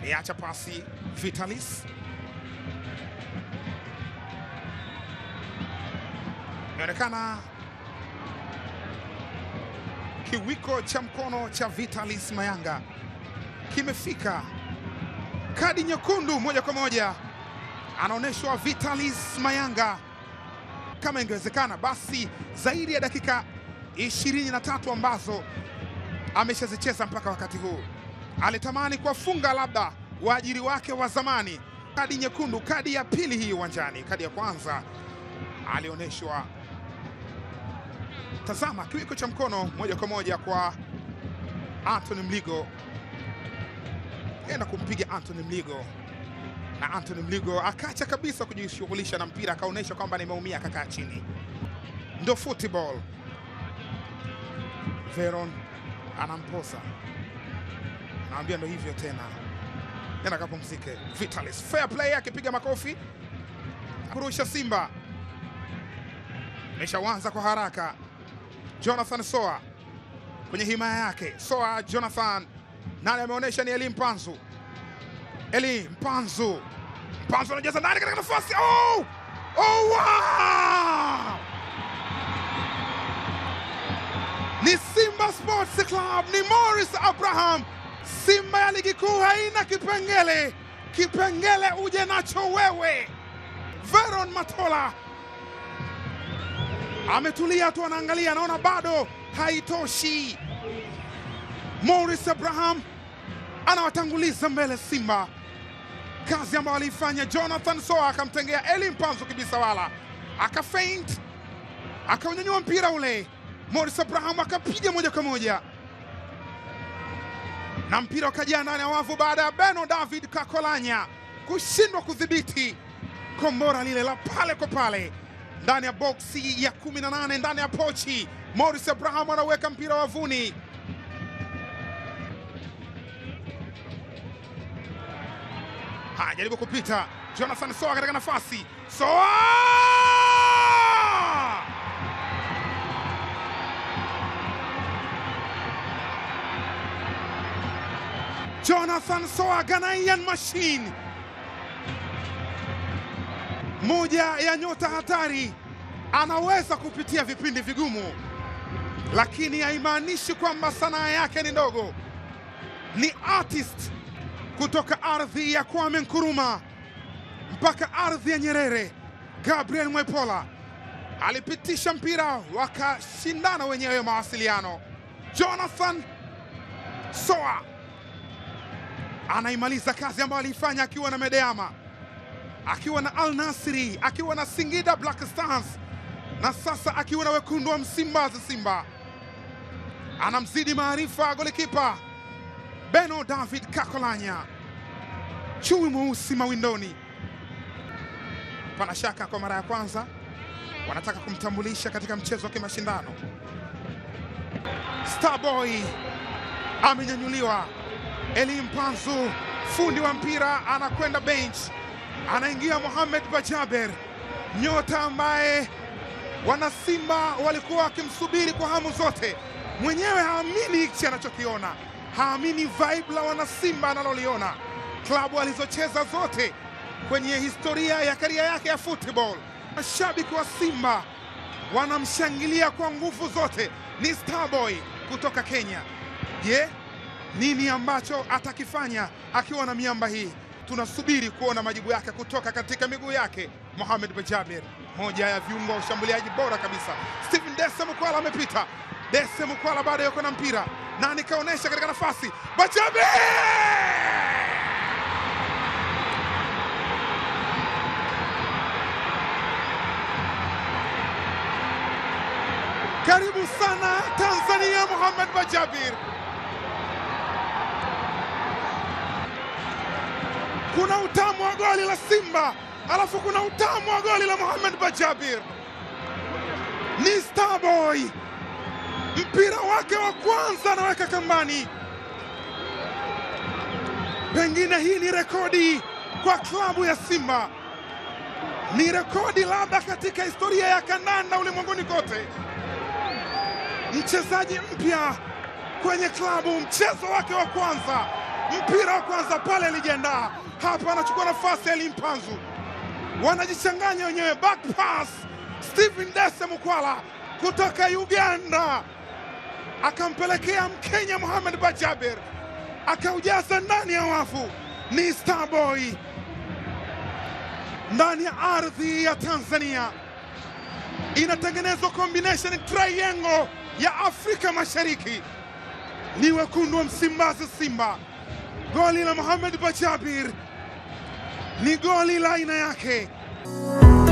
ameacha pasi Vitalis inaonekana kiwiko cha mkono cha Vitalis Mayanga kimefika kadi nyekundu moja kwa moja, anaonyeshwa Vitalis Mayanga. Kama ingewezekana basi zaidi ya dakika ishirini na tatu ambazo ameshazicheza mpaka wakati huu alitamani kuwafunga labda waajiri wake wa zamani. Kadi nyekundu, kadi ya pili hii uwanjani. Kadi ya kwanza alionyeshwa, tazama kiwiko cha mkono moja kwa moja kwa Anthony Mligo, enda kumpiga Anthony Mligo na Anthony Mligo akacha kabisa kujishughulisha na mpira, akaonyesha kwamba nimeumia, akakaa chini. Ndo football. Veron anamposa naambia ndo hivyo tena, nenda kapumzike. Vitalis fair play akipiga makofi kurusha Simba ameshawanza kwa haraka. Jonathan Soa kwenye himaya yake, Soa Jonathan, nani ameonyesha? Ni Eli Mpanzu. Eli Mpanzu, Mpanzu anajaza ndani katika nafasi oh! Oh, wow! ni Simba Sports Club, ni Morris Abraham Simba ya ligi kuu haina kipengele, kipengele uje nacho wewe. Veron Matola ametulia tu, anaangalia, anaona bado haitoshi. Morris Abraham anawatanguliza mbele Simba, kazi ambayo aliifanya Jonathan Soa, akamtengea Eli Mpanzu wala akafaint, akaunyanyua mpira ule, Morris Abraham akapiga moja kwa moja na mpira ukajaa ndani ya wavu baada ya Beno David Kakolanya kushindwa kudhibiti kombora lile la pale kwa pale ndani ya boksi ya 18 ndani ya pochi. Morris Abraham anaweka mpira wavuni. jaribu kupita Jonathan Soa katika nafasi Soa Jonathan Soa, Ghanaian Machine, moja ya nyota hatari, anaweza kupitia vipindi vigumu, lakini haimaanishi kwamba sanaa yake ni ndogo. Ni artist kutoka ardhi ya Kwame Nkrumah mpaka ardhi ya Nyerere. Gabriel Mwepola alipitisha mpira wakashindana wenyewe mawasiliano. Jonathan Soa anaimaliza kazi ambayo aliifanya akiwa na Medeama, akiwa na Al Nasri, akiwa na Singida Black Stars na sasa akiwa na wekundu wa Msimbazi Simba. Anamzidi maarifa golikipa Beno David Kakolanya, chui mweusi mawindoni. Pana shaka kwa mara ya kwanza wanataka kumtambulisha katika mchezo wa kimashindano. Starboy amenyanyuliwa. Eli Mpanzu fundi wa mpira anakwenda bench, anaingia Mohamed Bajaber, nyota ambaye wanasimba walikuwa wakimsubiri kwa hamu zote. Mwenyewe haamini hichi anachokiona, haamini vibe la wanasimba analoliona. Klabu alizocheza zote kwenye historia ya karia yake ya football, mashabiki wa Simba wanamshangilia kwa nguvu zote. Ni Starboy kutoka Kenya. Je, yeah nini ambacho atakifanya akiwa na miamba hii. Tunasubiri kuona majibu yake kutoka katika miguu yake. Mohamed bajaber moja ya viungo wa ushambuliaji bora kabisa. Stephen Dese Mukwala amepita. Dese Mukwala bado yuko na mpira na nikaonyesha katika nafasi bajaber karibu sana Tanzania, Muhammad Bajabir. kuna utamu wa goli la Simba alafu kuna utamu wa goli la Mohamed Bajabir. Ni Starboy, mpira wake wa kwanza anaweka kambani. Pengine hii ni rekodi kwa klabu ya Simba, ni rekodi labda katika historia ya kandanda ulimwenguni kote. Mchezaji mpya kwenye klabu, mchezo wake wa kwanza Mpira wa kwanza pale alijiandaa, hapa anachukua nafasi ya Limpanzu, wanajichanganya wenyewe. Back pass Stephen Dese Mukwala kutoka Uganda akampelekea Mkenya Muhammad Bajaber akaujaza ndani ya wavu. Ni Starboy ndani ya ardhi ya Tanzania, inatengenezwa combination triangle ya Afrika Mashariki. Ni wekundu wa Msimbazi Simba. Goli la Mohamed bajabir ni goli la aina yake.